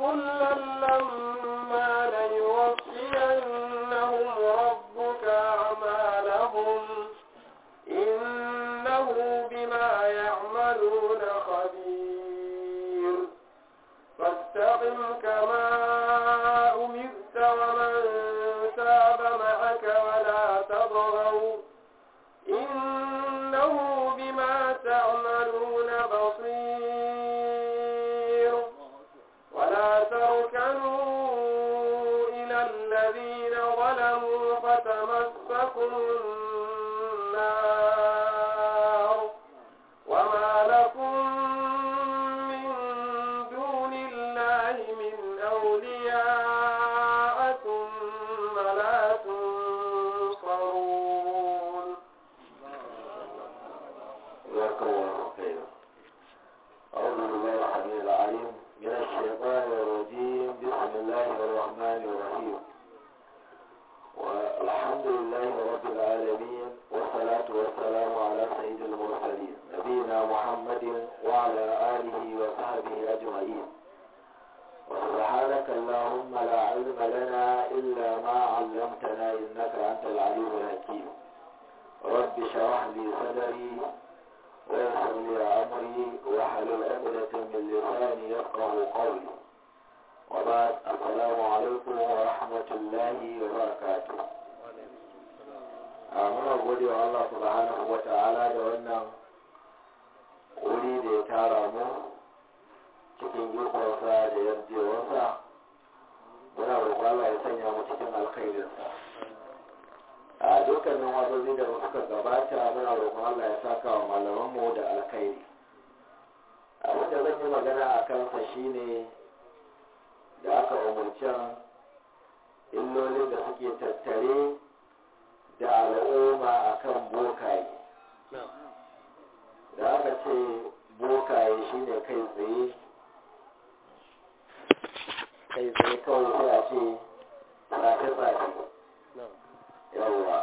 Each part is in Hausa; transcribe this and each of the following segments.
كلا لما ليوفين لله رب العالمين والصلاة والسلام على سيد المرسلين نبينا محمد وعلى آله وصحبه أجمعين وسبحانك اللهم لا علم لنا إلا ما علمتنا إنك أنت العليم الحكيم رب اشرح لي صدري ويسر لي أمري واحلل عقدة من لساني يفقه قولي وبعد السلام عليكم ورحمة الله وبركاته muna gode wa Allah subhanahu wa ta'ala da wannan wuri da ya tara mu cikin ikonsa da yarjewarsa muna roƙon Allah ya sanya mu cikin alkhairinsa a dukkanin wazozi da suka gabata muna roƙon Allah ya saka wa malamanmu da alkhairi abin da zan yi magana a kansa shine da aka umarci illolin da suke tattare ne kai tsaye kai tsaye kawai sai a ce tsafe-tsafe yawwa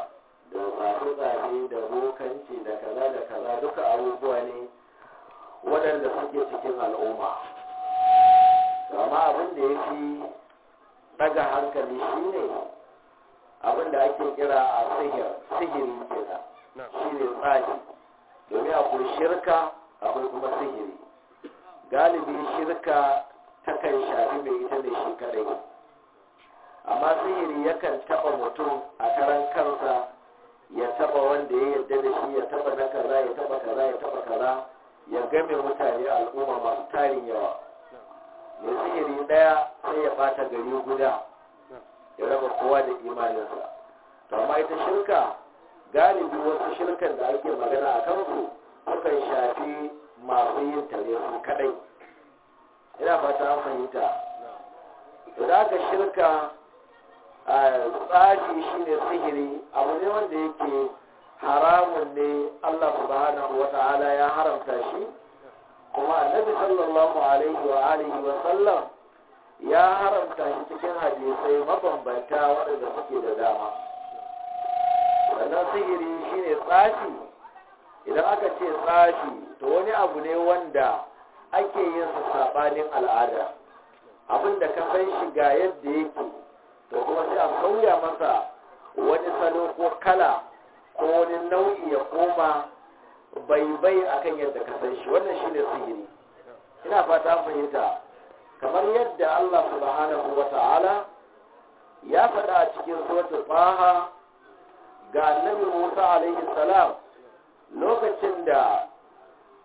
da tsafe-tsafe da bokanci da kaza da kaza duka abubuwa ne waɗanda suke cikin al'umma amma abin da ya fi daga hankali shi ne abin da ake kira a sihiri kenan shi ne tsari domin akwai shirka akwai kuma sihiri galibi shirka takan shafi mai ita ne shi kadai amma sihiri yakan taba mutum a karan kansa ya taba wanda ya yarda da shi ya taba na kaza ya taba kaza ya taba kaza ya game mutane al'umma masu tarin yawa mai sihiri daya sai ya bata gari guda ya raba kowa da imaninsa to amma ita shirka galibi wasu shirkan da ake magana a kan wajen yin ta ne kadai ina fata an fahimta to da aka shirka tsari shi ne sihiri abu ne wanda yake haramun ne Allah subhanahu wa ta'ala ya haramta shi kuma annabi sallallahu alaihi wa alihi wa sallam ya haramta shi cikin hadisai mabambanta waɗanda suke da dama wannan sihiri shine tsafi idan aka ce tsashi to wani abu ne wanda ake yin su sabanin al'ada da ka san shi ga yadda yake to kuma sai a sauya masa wani salo ko kala ko wani nau'i ya koma bai-bai akan yadda ka san shi wannan shine sihiri ina fata fahimta kamar yadda Allah subhanahu wata'ala ya faɗa a cikin suratul Taha ga annabi Musa alaihi salam lokacin da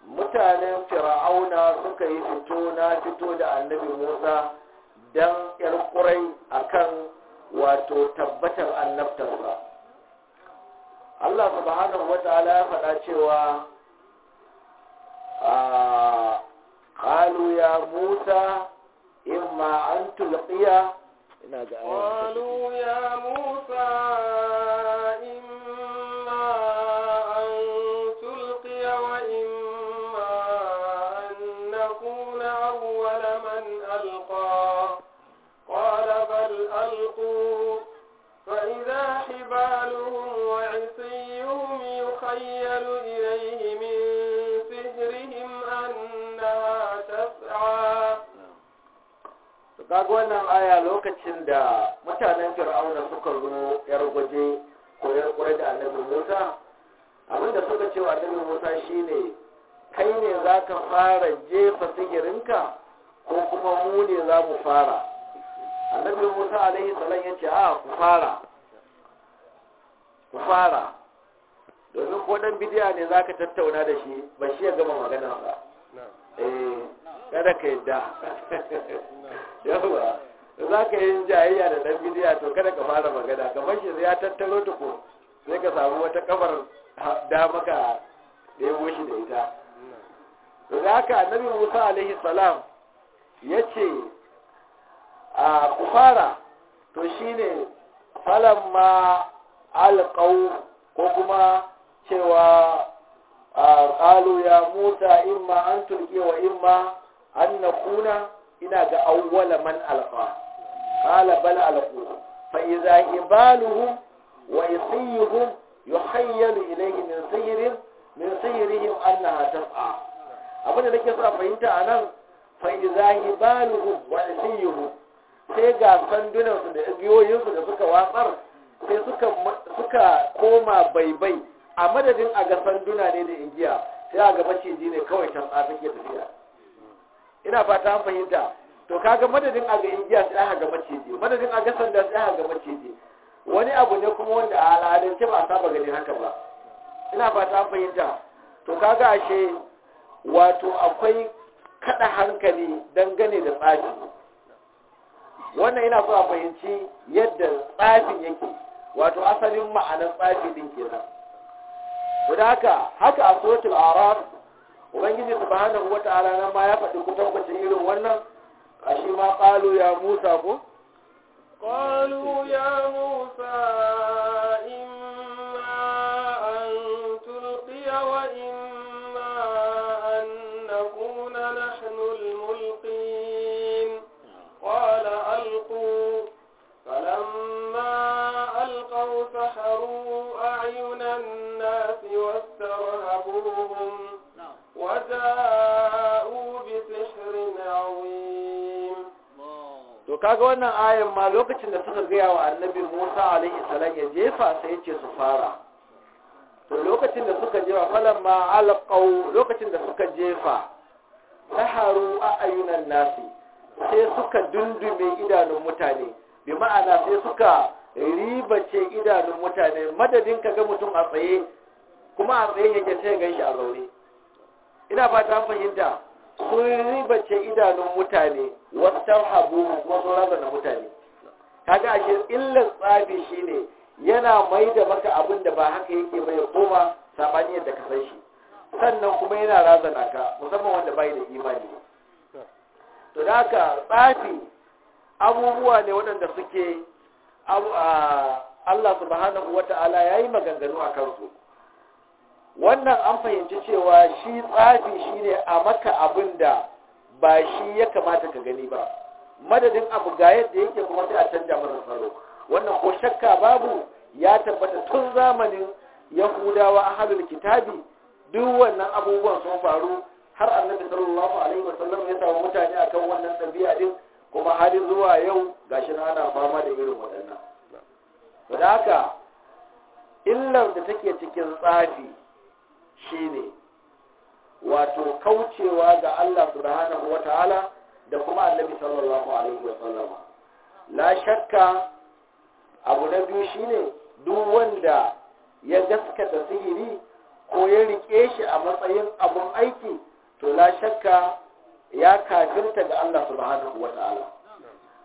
mutanen fir'auna suka yi fito na fito da annabi musa don yar kurai akan wato tabbatar annabtarsa allah subhanahu wa ta'ala ya faɗa cewa قالوا يا موسى إما أن تلقي قالوا ya musa kaga wannan aya lokacin da mutanen fir'auna suka zo yar gwaje ko yar kure da annabi musa abinda suka ce wa annabi musa shine kai ne za fara jefa sigirinka ko kuma mu ne za mu fara annabi musa alaihi salam ya ce a ku fara ku fara domin ko dan bidiya ne zaka tattauna da shi ba shi ya gama na'am eh kada ka yadda yawa za ka yi jayayya da ɗan bidiya to kada ka fara magana kamar shi ya tattaro ta ko sai ka samu wata kafar da maka ɗebo shi da ita to da haka annabi musa alaihi salam ya ce a fara to shine falamma alƙau ko kuma cewa a ƙalu ya mota imma an turke wa imma an na kuna ina ga Auwala man alqa qala bal alqu fa idza ibaluhum wa yasiyuhum yuhayyalu ilayhi min sayrihim min sayrihim annaha tas'a abin da nake so a fahimta anan fa idza ibaluhum wa yasiyuhum sai ga sandunansu da igiyoyin da suka watsar sai suka suka koma baibai a madadin a ga sanduna ne da igiya sai a ga maciji ne kawai can tsafi ke tafiya ina fata an fahimta to kaga madadin a ga igiya sai aka ga maciji madadin a ga sanda sai aka ga maciji wani abu ne kuma wanda a al'adance ba a saba gani haka ba ina fata an fahimta to kaga ashe wato akwai kada hankali dangane da tsafi wannan ina so a fahimci yadda tsafin yake wato asalin ma'anar tsafi din kenan. Wadda haka, haka a suratul Araf ubangiji subhanahu wata'ala nan ma ya faɗi kutankucin irin wannan a shi ma ƙalu ya musa ko قالوا يا موسى إما أن تلقي وإما أن نكون نحن الملقين قال ألقوا فلما ألقوا سحروا أعين الناس واسترهبوهم kaga wannan ayan ma lokacin da suka gaya wa annabi Musa alaihi salam ya jefa sai ce su fara to lokacin da suka jefa falan ma alqau lokacin da suka jefa saharu ayunan nasi sai suka dundume idanun mutane bi ma'ana sai suka riba ce idanun mutane madadin ka ga mutum a tsaye kuma a tsaye yake sai shi a zaure ina fata fahimta sun ce idanun mutane wasan habu wasu razana mutane kaga ashe illar tsabi ne yana mai da maka abin da ba haka yake mai koma sabani yadda ka san shi sannan kuma yana razana ka musamman wanda bai da imani to da haka tsafi abubuwa ne waɗanda suke Allah subhanahu wata'ala yi maganganu a kansu wannan an fahimci cewa shi tsafi shi ne a maka abin da ba shi ya kamata ka gani ba madadin abu ga yadda yake kuma sai a canja masa tsaro wannan ko shakka babu ya tabbata tun zamanin yahudawa a halin kitabi duk wannan abubuwan sun faru har annabi sallallahu alaihi wasallam ya samu mutane akan wannan tabi'a din kuma har zuwa yau gashi na ana fama da irin waɗannan. Da haka illar da take cikin tsafi shine wato kaucewa ga Allah subhanahu wataala da kuma annabi sallallahu alaihi wasallam la shakka abu na biyu shine duk wanda ya gaskata sihiri ko ya rike shi a matsayin abun aiki to la shakka ya kafirta ga Allah subhanahu wataala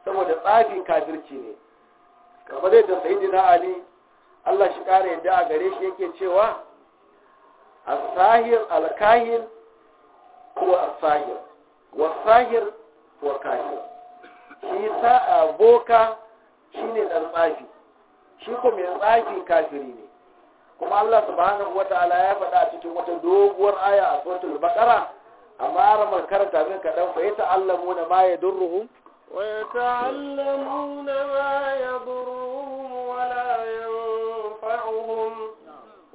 saboda tsafi kafirci ne kamar yadda sayyidina ali Allah shi kare yadda a gare shi yake cewa الساهر الكاهن هو الساهر والساهر هو كاهن shi sa'a بوكا shine dan tsafi shi ko mai tsafi kafiri ne kuma Allah subhanahu wataala ya faɗa a cikin wata doguwar aya a suratul baqara amma ramar karanta min kaɗan fa yata allamuna ma yadurruhum wa yata allamuna ma yadurruhum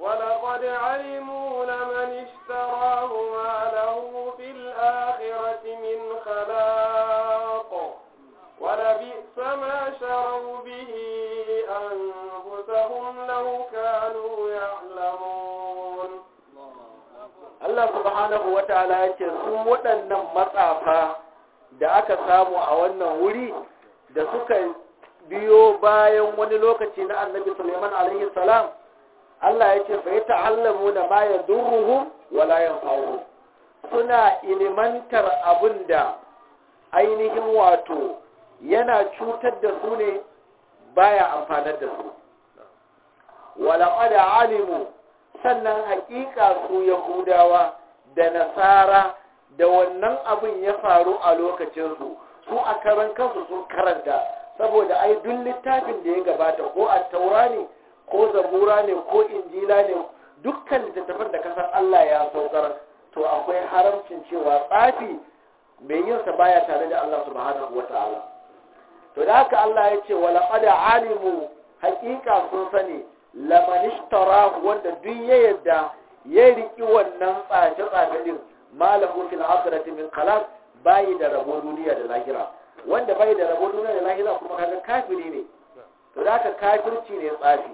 ولقد علموا لمن اشتراه ما له في الآخرة من خلاق ولبئس ما شروا به أنفسهم لو كانوا يعلمون Allah subhanahu wa ta'ala ya ce sun waɗannan matsafa da aka samu a wannan wuri da suka biyo bayan wani lokaci na annabi Suleiman alaihi salam Allah ya ce bai ta'allamu na ma ya durruhu wala hauru suna ilimantar abin da ainihin wato yana cutar da su ne baya amfanar da su walaƙada alimu sannan haƙiƙa su yahudawa da nasara da wannan abin ya faru a lokacinsu su a karan kansu sun karanta saboda ai duk littafin da ya gabata ko a ne? ko zabura ne ko injila ne dukkan littattafan da kasar Allah ya saukar to akwai haramcin cewa tsafi mai yinsa baya tare da Allah subhanahu wata'ala to da haka Allah ya ce wala qad alimu haqiqa sun sani laman ishtara wanda duk ya yadda ya riki wannan tsafi tsafin din malahu fil akhirati min qalaq bai da rabo duniya da lahira wanda bai da rabo duniya da lahira kuma kaga kafiri ne to da haka kafirci ne tsafi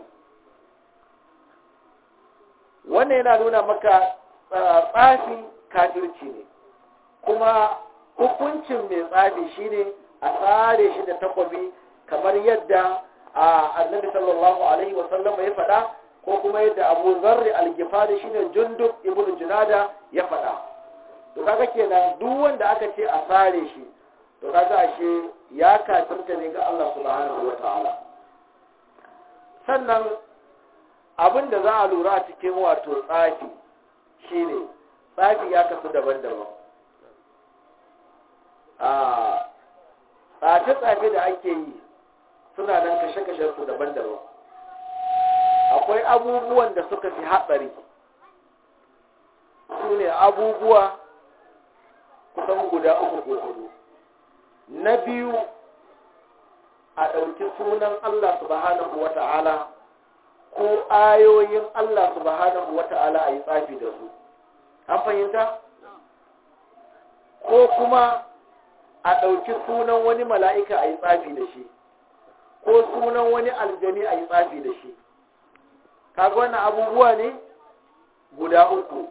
wannan yana nuna maka ah, tsafi kafirci ne kuma hukuncin mai tsafi shine a tsare shi da takwabi kamar yadda annabi sallallahu alaihi wasallam ya faɗa ko kuma yadda abu zarri algifari shine jundub ibn junada ya faɗa to kaga kenan duk wanda aka ce a tsare shi to kaga ashe ya kafirta ne ga Allah subhanahu wataala sannan abin da za a lura a cikin wato tsafi shine tsafi ya kasu daban-daban a tsafe-tsafe da ake yi suna nan kashe-kashe su daban-daban akwai abubuwan da suka fi hatsari su ne abubuwa kusan guda uku ko hudu na biyu a ɗauki sunan Allah subhanahu wa ta'ala ko ayoyin Allah subhanahu wata'ala a yi tsafi da su an fahimta ko kuma a ɗauki sunan wani mala'ika a yi tsafi da shi ko sunan wani aljani a yi tsafi da shi kaga wani abubuwa ne guda uku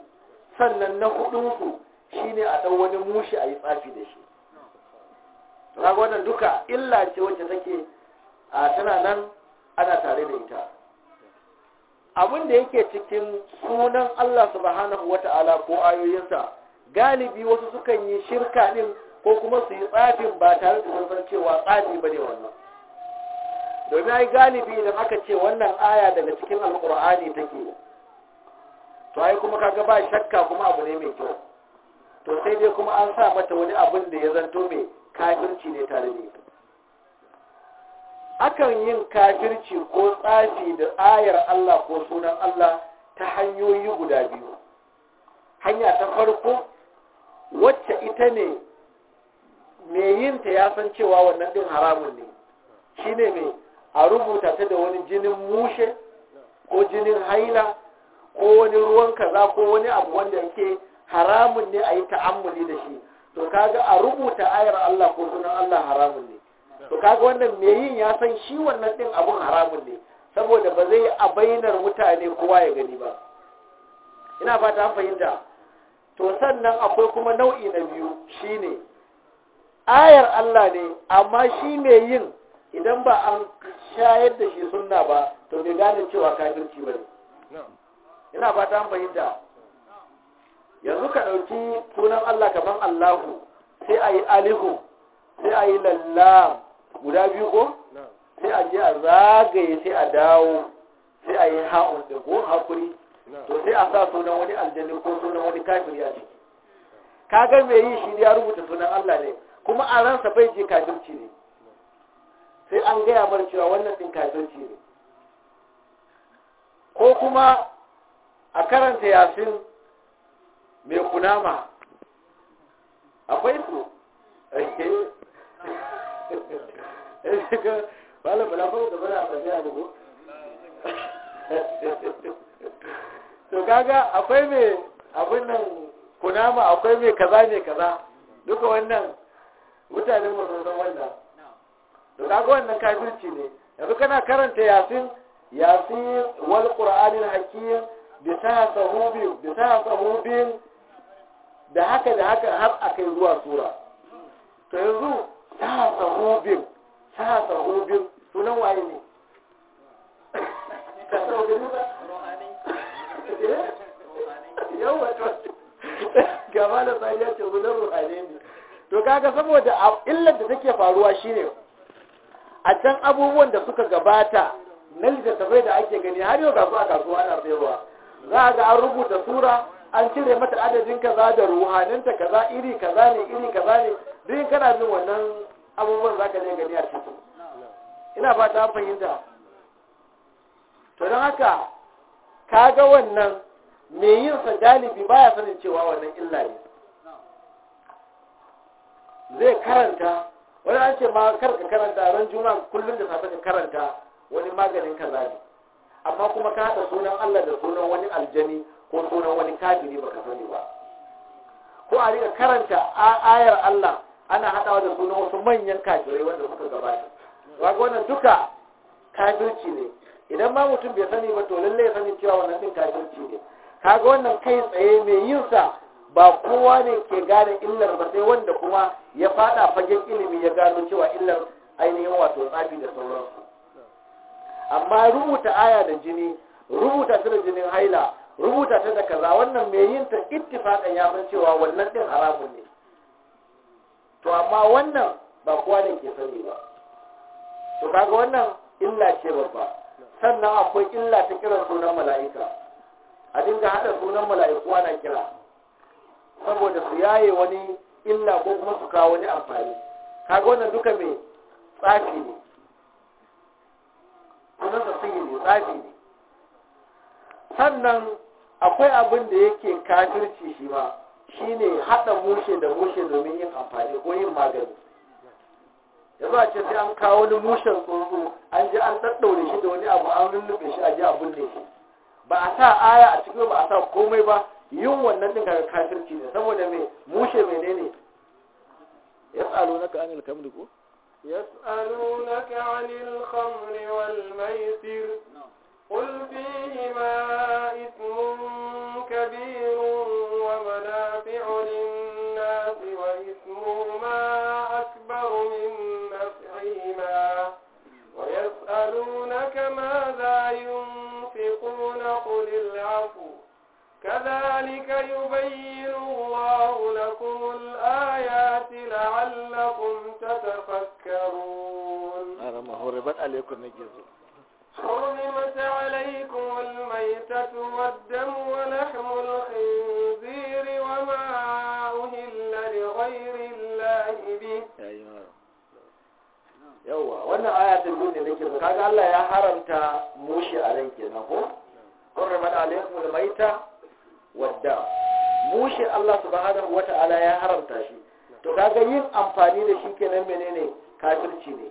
sannan na hudunsu shine a ɗau wani mushi a yi tsafi da shi kaga wannan duka illa ce wacce take a tana nan ana tare da ita abin da yake cikin sunan Allah subhanahu wata'ala ko ayoyinsa galibi wasu sukan yi shirka din ko kuma su yi tsafin ba tare da zarfar cewa tsafi ba ne wannan domin ai galibi idan aka ce wannan aya daga cikin alkur'ani take to ai kuma kaga ba shakka kuma abu ne mai kyau to sai dai kuma an sa mata wani abin da ya zanto mai kafirci ne tare da ita akan yin kafirci ko tsafi da ayar Allah ko sunan Allah ta hanyoyi guda biyu hanya ta farko wacce ita ne mai yinta ya san cewa wannan din haramun ne shi ne mai a rubuta ta da wani jinin mushe ko jinin haila ko wani ruwan kaza ko wani abu wanda yake haramun ne a yi ta'ammuli da shi to kaga a rubuta ayar Allah ko sunan Allah haramun ne to kaga wannan me yin ya san shi wannan din abun haramun ne saboda ba zai a bainar mutane kowa ya gani ba ina fata an fahimta to sannan akwai kuma nau'i na biyu shine ayar Allah ne amma shi me yin idan ba an shayar da shi sunna ba to bai gane cewa kafirci bane ina fata an fahimta yanzu ka ɗauki sunan Allah kaman Allahu sai ayi yi alihu sai ayi yi guda biyu ko sai a je a zagaye sai a dawo sai a yi ha'un da ko hakuri to sai a sa sunan wani aljanni ko sunan wani kafiri a ciki kaga mai yi shi ya rubuta sunan Allah ne kuma a ransa bai je kafirci ne sai an gaya mara cewa wannan din kafirci ne ko kuma a karanta yasin mai kunama akwai su ba to kaga akwai mai abin nan kunama akwai mai kaza ne kaza duka wannan mutanen mu sun wannan to kaga wannan kafirci ne yanzu kana karanta yasin yasin wal qur'anil hakim bi sahubi bi sahubin da haka da haka har akai zuwa sura to yanzu sahubin ha sahu biyu sunan waye ne ka sahu biyu ba eh? yau wato gama da sani ya ce sunan ruhane ne to kaga saboda illar da take faruwa shine a can abubuwan da suka gabata na littattafai da ake gani har yau gasu a kasuwa na sayarwa za a ga an rubuta sura an cire mata adadin kaza da ruhaninta kaza iri kaza ne iri kaza ne duk kana jin wannan abubuwan za ka zai gani a cikin ina ba ta fahimta to don haka ka ga wannan mai yin sa galibi ya sanin cewa wannan illa ne zai karanta wani an ce ma kar karanta ran juna kullum da safe ka karanta wani maganin kaza ne amma kuma ka haɗa sunan Allah da sunan wani aljani ko sunan wani kafiri baka sani ba ko a rika karanta ayar Allah ana haɗawa da sunan wasu manyan kajiyoyi wanda suka gabata wago wannan duka kafirci ne idan ma mutum bai sani ba to lalle ya sani cewa wannan din kafirci ne kaga wannan kai tsaye mai yin sa ba kowa ne ke gane illar ba sai wanda kuma ya fada fagen ilimi ya gano cewa illar ainihin wato tsafi da sauransu amma rubuta aya da jini rubuta ta da jinin haila rubuta ta da kaza wannan mai yin ta ittifaqan ya san cewa wannan din haramun ne to amma wannan ba kowa ne ke sani ba to kaga wannan illa ce babba sannan akwai illa ta kiran sunan mala'ika a dinga haɗa sunan mala'iku ana kira saboda su yaye wani illa ko kuma su kawo wani amfani kaga wannan duka mai tsafi ne sunan sa ne tsafi ne sannan akwai abin da yake kafirci shi ma shine haɗa mushe da mushe domin yin amfani ko yin magani yanzu a ce sai an kawo wani mushen tsuntsu an je an ɗaɗɗaure shi da wani abu an lullube shi a ji a bulle shi ba a sa aya a cikin ba a sa komai ba yin wannan ɗin daga kafirci ne saboda mai mushe menene ya tsaro na ka anil kamri ko يسألونك عن الخمر والميسر قل فيهما إثم كبير منافع للناس وإثمهما أكبر من نفعهما ويسألونك ماذا ينفقون قل العفو كذلك يبين الله لكم الآيات لعلكم تتفكرون أنا ما هربت عليكم نجزوا حرمت عليكم الميتة والدم ولحم الخنزير yawa wannan ayatul duni nake so kaga Allah ya haramta mushi a rai kenan ko qurbat alaykumul maita wadda mushi Allah subhanahu wataala ya haramta shi to kaga yin amfani da shi kenan menene kafirci ne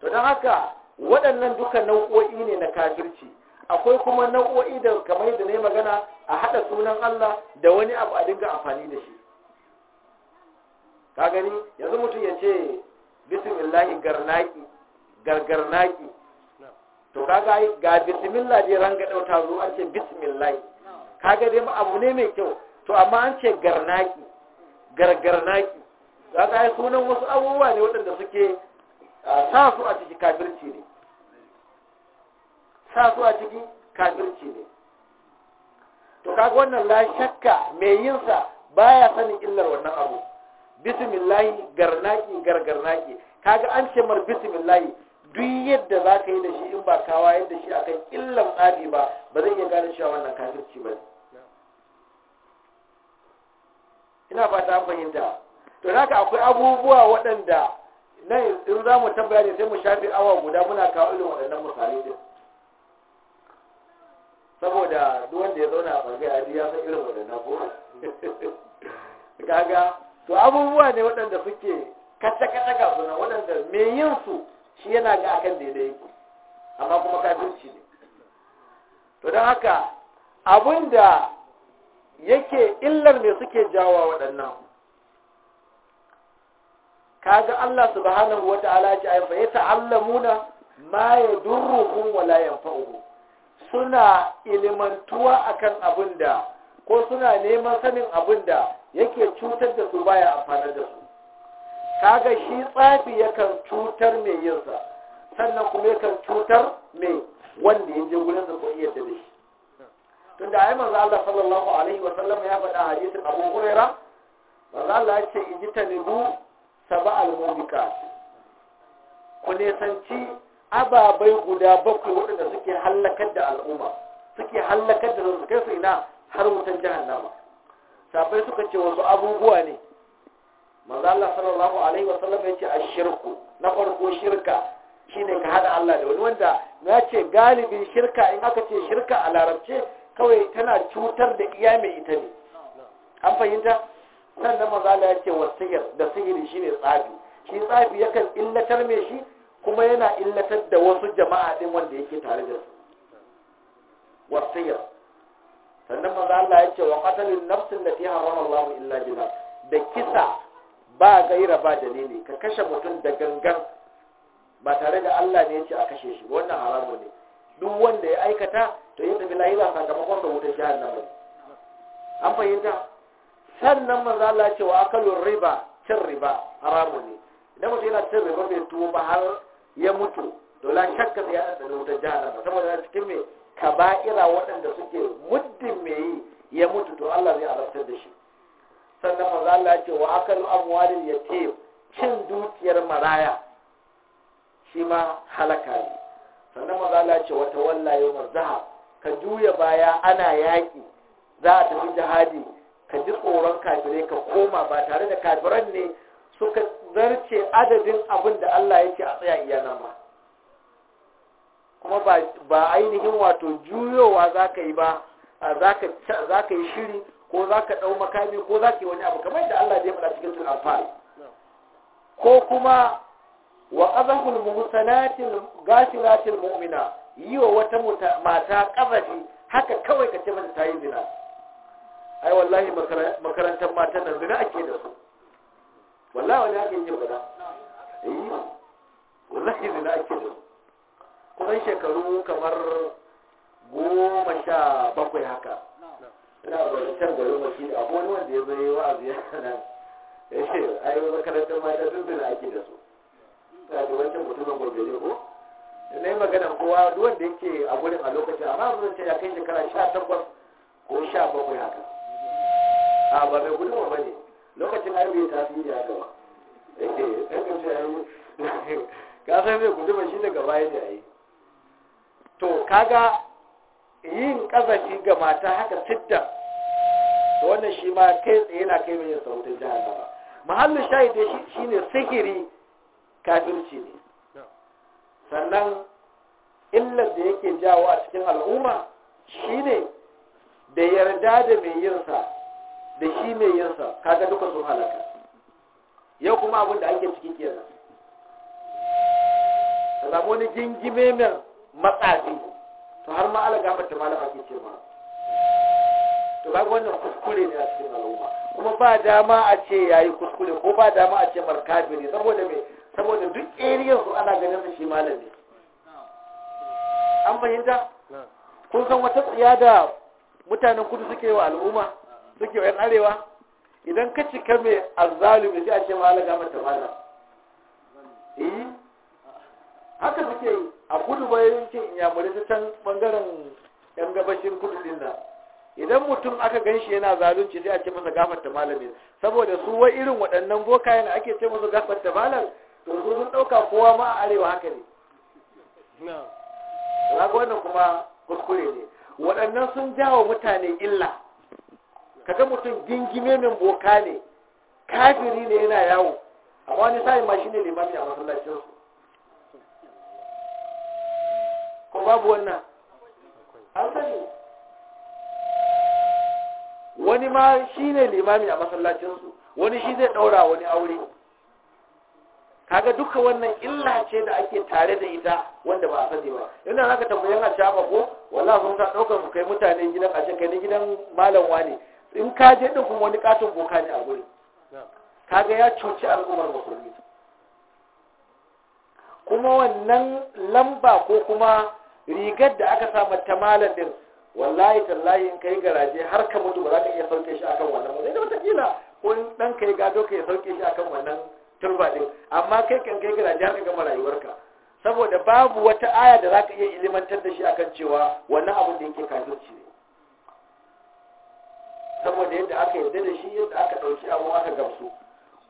to don haka waɗannan duka nau'o'i ne na kafirci akwai kuma nau'o'i da kamar da na magana a haɗa sunan Allah da wani abu a dinga amfani da shi ka gani yanzu mutum ya ce bismillahi garnaki gargarnaki to kaga ga bismillah je ranga dauta zo an ce bismillah kaga dai ma abu ne mai kyau to amma an ce garnaki gargarnaki kaga ai sunan wasu abubuwa ne waɗanda suke sa su a ciki kafirci ne sa su a ciki kafirci ne to kaga wannan la shakka mai yinsa baya sanin illar wannan abu bismillahi garnaki gargarnaki kaga an ce mar bismillahi duk yadda za ka yi da shi in ba kawa yadda shi akan illan tsabi ba ba zai iya gane cewa wannan kafirci ba ina ba ta fahimta to haka akwai abubuwa waɗanda na in za mu tambaya ne sai mu shafi awa guda muna kawo irin waɗannan misali din saboda duk wanda ya zauna a bangare ya san irin waɗannan ko gaga to abubuwa ne waɗanda suke kata-kata ga suna waɗanda me yin su shi yana ga akan daidai amma kuma kafirci ne to don haka abinda yake illar ne suke jawa waɗannan ka ga Allah subhanahu wata'ala ya ce fa yata'allamuna ma yadurruhum wala yanfa'uhum suna ilimantuwa akan abinda ko suna neman sanin abinda yake cutar da su baya amfana da su kaga shi tsafi yakan cutar mai yinsa sannan kuma yakan cutar mai wanda ya je gurin sa ko iya da shi tunda ai manzo Allah sallallahu alaihi wa sallam ya faɗa hadisin Abu Huraira manzo Allah ya ce ijtanibu sab'al mubikat ku ne ababai guda bakwai waɗanda suke hallakar da al'umma suke hallakar da su kai su ina har wutan jahannama Safai suka ce wasu abubuwa ne manzo Allah sallallahu alaihi wasallam ya ce ashirku na farko shirka shine ka hada Allah da wani wanda ya ce galibin shirka in aka ce shirka a larabce kawai tana cutar da iya mai ita ne an fahimta sannan manzo Allah ya ce wasiyar da sihiri shine tsafi shi tsafi yakan illatar mai shi kuma yana illatar da wasu jama'a din wanda yake tare da su wasiyar sannan maza Allah ya ce wa katalin nafsin lati harama Allah illa jina da kisa ba gaira ba dalili ka kashe mutum da gangan ba tare da Allah ne ya ce a kashe shi wannan haramu ne duk wanda ya aikata to ya tafi a lahira sakamakon da jihar jahannama an fahimta sannan maza Allah ya ce wa akalur riba cin riba haramu ne idan mutum yana cin riba bai tuwo ba har ya mutu to la shakka ya da jihar nan saboda cikin me kaba'ira waɗanda suke muddin mai ya mutu to Allah zai azabtar da shi sannan manzo Allah ya ce wa akalu amwalil yatim cin dukiyar maraya shi ma halaka ne sannan manzo Allah ce wa tawalla yawmal zahab ka juya baya ana yaki za a tafi jihadi ka ji tsoron kafirai ka koma ba tare da kafiran ne suka zarce adadin abin da Allah ya a tsaya iyana ba kuma ba ainihin wato juyowa za ka yi ba za ka yi shiri ko za ka ɗau makami ko za ka yi wani abu kamar da Allah zai faɗa cikin tulafal ko kuma wa azahul muhsanatil gashiratil mu'mina yi wa wata mata ƙazafi haka kawai ka ce mata ta yi zina ai wallahi makarantar matan nan zina ake da su wallahi wani haka yake faɗa eh, wallahi zina ake da su kusan shekaru kamar goma sha bakwai haka ina can garin mashi a wani wanda ya zai wa'azi yana nan ya ce a yi makarantar mata sun zina ake da su ta da wancan mutumin gurgure ko na yi maganan kowa da yake a gurin a lokacin amma zan ce ya kai shekara sha takwas ko sha bakwai haka a ba mai gudunwa ba ne lokacin ayo bai tasiri haka ba yake ɗan kamshi ayo ka san mai gudunwa shi daga baya ne a yi to kaga yin kazafi ga mata haka sidda to wannan shi ma kai tsaye na kai mai sautin jahannama mahallin shi ne sihiri kafirci ne sannan illar da yake jawo a cikin al'umma shi ne da yarda da mai yinsa da shi mai yinsa kaga duka sun halaka yau kuma abin da ake ciki kenan ka samu wani gingime mai matsazi to har ma ala gafarta malam ke ce ma to ba wannan kuskure ne a cikin al'umma kuma ba dama a ce yayi kuskure ko ba dama a ce markabi ne saboda me saboda duk area su ana ganin su shi malami. an fahimta kun san wata tsiya da mutanen kudu suke wa al'umma suke wa 'yan arewa idan ka cika mai azzalumi sai a ce ma ala gafarta malam eh haka suke a kudu bayancin inyamurai ta can bangaren yan gabashin kudu din nan idan mutum aka gan shi yana zalunci sai a ce masa gafarta malami saboda su wa irin waɗannan bokayen ake ce masa gafarta malam to su sun ɗauka kowa ma a arewa haka ne na wannan kuma kuskure ne waɗannan sun jawo mutane illa kaga mutum gingime min boka ne kafiri ne yana yawo amma wani sa'in ma shine limami a masallacinsu babu wannan an wani ma shi ne limami a masallacinsu wani shi zai ɗaura wani aure kaga duka wannan illa ce da ake tare da ita wanda ba a sani ba yana ka tambayi a shafa ko wala sun ka daukar kai mutane gidan a kai gidan malam wani in ka je din kuma wani katon boka ne a gurin kaga ya cuci al'ummar musulmi kuma wannan lamba ko kuma rigar da aka sa mata malam din wallahi tallahi in kai garaje har ka mutu ba za ka iya sauke shi akan wannan mutum da wataƙila ko dan kai gado ka iya sauke shi akan wannan turba din amma kai kan kai garaje har ka gama rayuwarka saboda babu wata aya da za ka iya ilimantar da shi akan cewa wannan abin da yake kafirci ne saboda yadda aka yarda da shi yadda aka ɗauki abu aka gamsu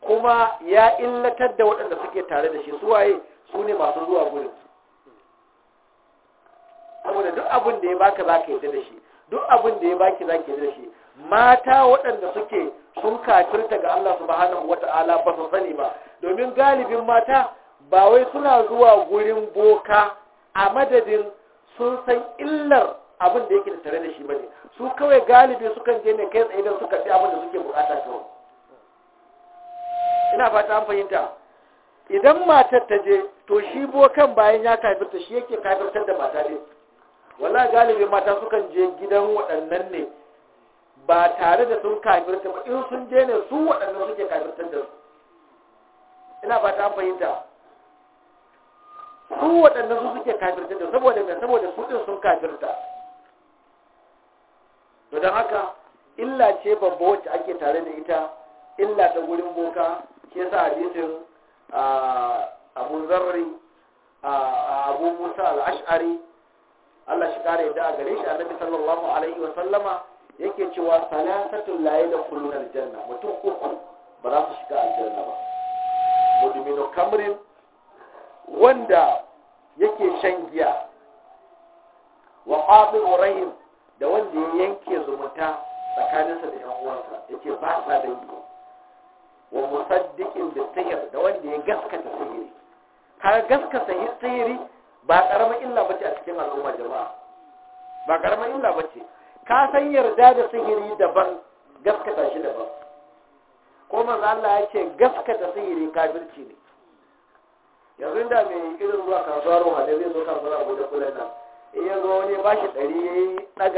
kuma ya illatar da waɗanda suke tare da shi suwaye su ne masu zuwa gurin saboda duk abin da ya baka za ka da shi duk abin da ya baki za ka da shi mata waɗanda suke sun kafirta ga Allah subhanahu wata'ala ba su sani ba domin galibin mata ba wai suna zuwa gurin boka a madadin sun san illar abin da yake tare da shi bane su kawai galibi sukan je ne kai tsaye don suka fi abin da suke bukata kawai ina fata an fahimta idan matar ta je to shi bokan bayan ya kafirta shi yake kafirtar da mata ne wala galibi mata sukan je gidan waɗannan ne ba tare da sun kafirta ba in sun je ne su waɗannan suke kafirtar da su ina ba ta fahimta su waɗannan su suke kafirta da saboda mai saboda su ɗin sun kafirta to don haka illa ce babba wacce ake tare da ita illa ta gurin boka ke sa hadisin ah, abu zarri ah, abu musa al'ash'ari Allah shi kare yadda a gare shi annabi sallallahu alaihi wa sallama yake cewa salatatul la yadkhuluna aljanna mutum uku ba za su shiga aljanna ba mudminu kamrin wanda yake shan giya wa qabil rahim da wanda ya yanke zumunta tsakaninsa da yan uwansa yake ba sa yi wa musaddiqin bi da wanda ya gaskata sihiri ka gaskata sihiri ba karama illa bace a cikin al'umma jama'a ba karama illa bace ka san yarda da sihiri daban gaskata shi daban ko manzo Allah ya ce gaskata sihiri kafirci ne yanzu da me irin zuwa kasuwar wanda zai zo kasuwar abu da kullun nan in ya zo ne ba shi ɗari ya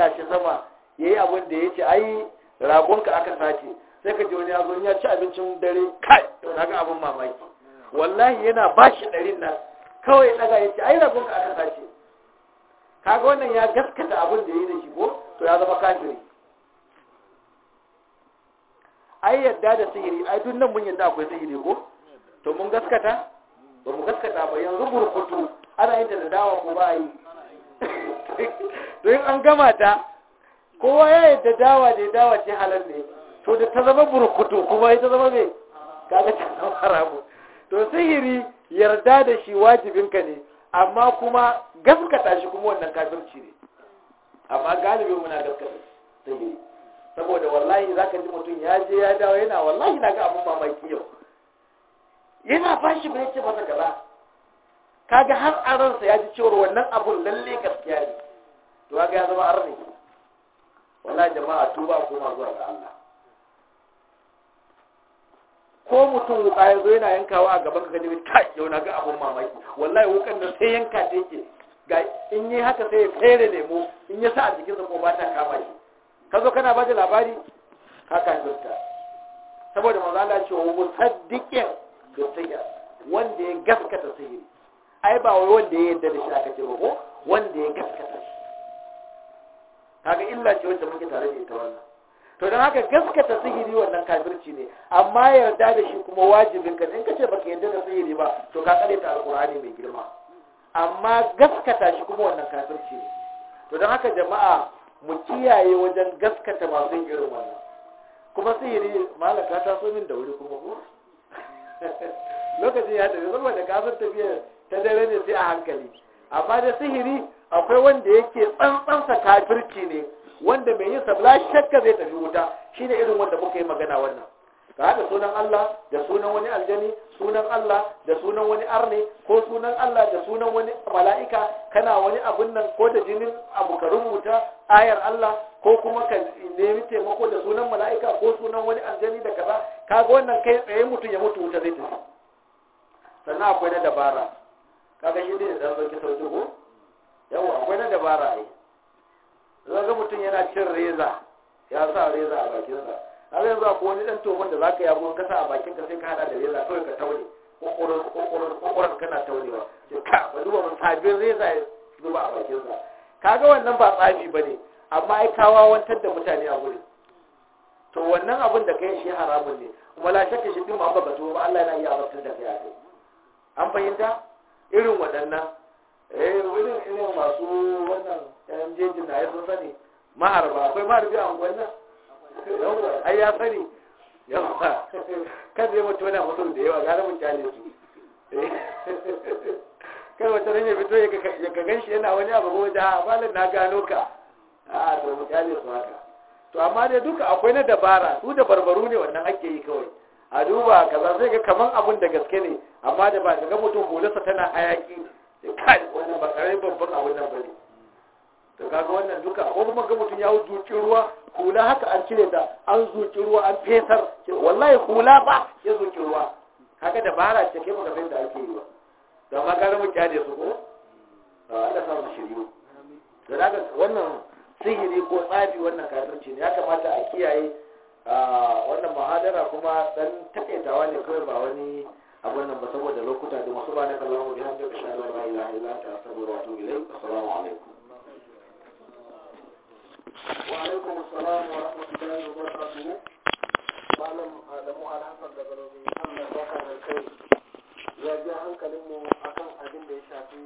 yi shi sama ya yi abin da ya ce ai ragonka aka sace sai ka ji wani ya zo ya ci abincin dare kai to na abin mamaki wallahi yana ba shi ɗarin nan kawai ya daga ya ce ai rabon ka aka tashi kaga wannan ya gaskata abin da ya yi da shi ko to ya zama kafiri ai yadda da sihiri ai duk nan mun yadda akwai sihiri ko to mun gaskata ba mu gaskata ba yanzu burkutu ana yin da dawa ko ba yi to in an gama ta kowa ya yadda dawa da dawa ce halal ne to da ta zama burkutu kuma ita zama me kaga ta zama rabu to sihiri yarda da shi wajibinka ne amma kuma gaskata shi kuma wannan kafirci ne amma galibin muna gaskata ta yi saboda wallahi za ka ji mutum ya je ya dawo yana wallahi na ga abin mamaki yau yana fashi ya ce masa kaza kaga har a ransa ya ji cewar wannan abun lalle gaskiya ne to ga ya zama arni wallahi jama'a tuba kuma zuwa ga Allah ko mutum wuka ya zo yana yankawa a gaban ka gaji ta yau na ga abun mamaki wallahi wukan da sai yanka ta yake ga in yi haka sai ya fere lemo in ya sa a jikin sa ko ba ta kama shi ka zo kana ba da labari haka dutta saboda manzo Allah ce wa musaddiqin dutta wanda ya gaskata sihiri ai ba wai wanda ya yarda da shi aka ce ko wanda ya gaskata shi kaga illa ce wacce muke tare da ita wannan to don haka gaskata sihiri wannan kafirci ne amma yarda da shi kuma wajibin ka in kace baka yarda da sihiri ba to ka kare ta alqur'ani mai girma amma gaskata shi kuma wannan kafirci ne to don haka jama'a mu kiyaye wajen gaskata masu irin wannan kuma sihiri malaka ta so min da wuri kuma ko lokacin ya tafi saboda kafin tafiya ta dare ne sai a hankali amma da sihiri akwai wanda yake tsantsansa kafirci ne wanda mai yin sabla shakka zai tafi wuta shine irin wanda muka yi magana wannan ka haɗa sunan Allah da sunan wani aljani sunan Allah da sunan wani arne ko sunan Allah da sunan wani mala'ika kana wani abun nan ko da jinin abu ka rubuta ayar Allah ko kuma ka nemi taimako da sunan mala'ika ko sunan wani aljani da kaza kaga wannan kai tsaye mutum ya mutu wuta zai tafi sannan akwai na dabara kaga shi ne da zan ki sauki ko yawa akwai na dabara ai zaga mutum yana cin reza ya sa reza a bakinsa har yanzu akwai wani dan tohon da zaka yabo ka sa a bakin ka sai ka hada da reza kawai ka taune kokoron kokoron kokoron kana taunewa sai ka ba duba mun sabin reza ya zuba a bakinsa kaga wannan ba tsafi ne. amma ai kawa wantar da mutane a gurin to wannan abin da kai shi haramun ne kuma la shakka shi din ba ba ba Allah yana iya abartar da kai an fahimta irin waɗannan eh wurin irin masu wannan yan jejin na ya sun sani maharba akwai maharbi a unguwan nan ai ya sani yawwa kan zai mutu wani mutum da yawa gara mun kyale su eh, kai wata ranya fito ya ka ganshi yana wani abu ko da ah, malam na gano ka a ah, to mu kyale su haka to amma dai duka akwai na dabara su da barbaru ne wannan ake yi kawai a duba kaza sai ga kaman abun da gaske ne amma da ba ga mutum hulansa tana hayaki kai wannan ba karamin babban abin nan bane to kaga wannan duka ko kuma ga mutum ya zuci ruwa hula haka an cire da an zuci ruwa an fesar wallahi hula ba ya zuci ruwa kaga dabara ce kai baka da ake yi ba da ma mu kyade su ko Allah sa mu shiryu da wannan sihiri ko tsafi wannan kafirci ne ya kamata a kiyaye ah, wannan mahadara kuma dan takaitawa ne kawai ba wani abin nan ba saboda lokuta da masu ba da kallon mu bihan da ka shara la ilaha illa anta astaghfiruka wa atubu ilayk assalamu alaikum wa alaikum assalam wa rahmatullahi wa barakatuh malam adamu alhassan daga lobi Allah ya kai ya ji hankalin mu akan abin da ya shafi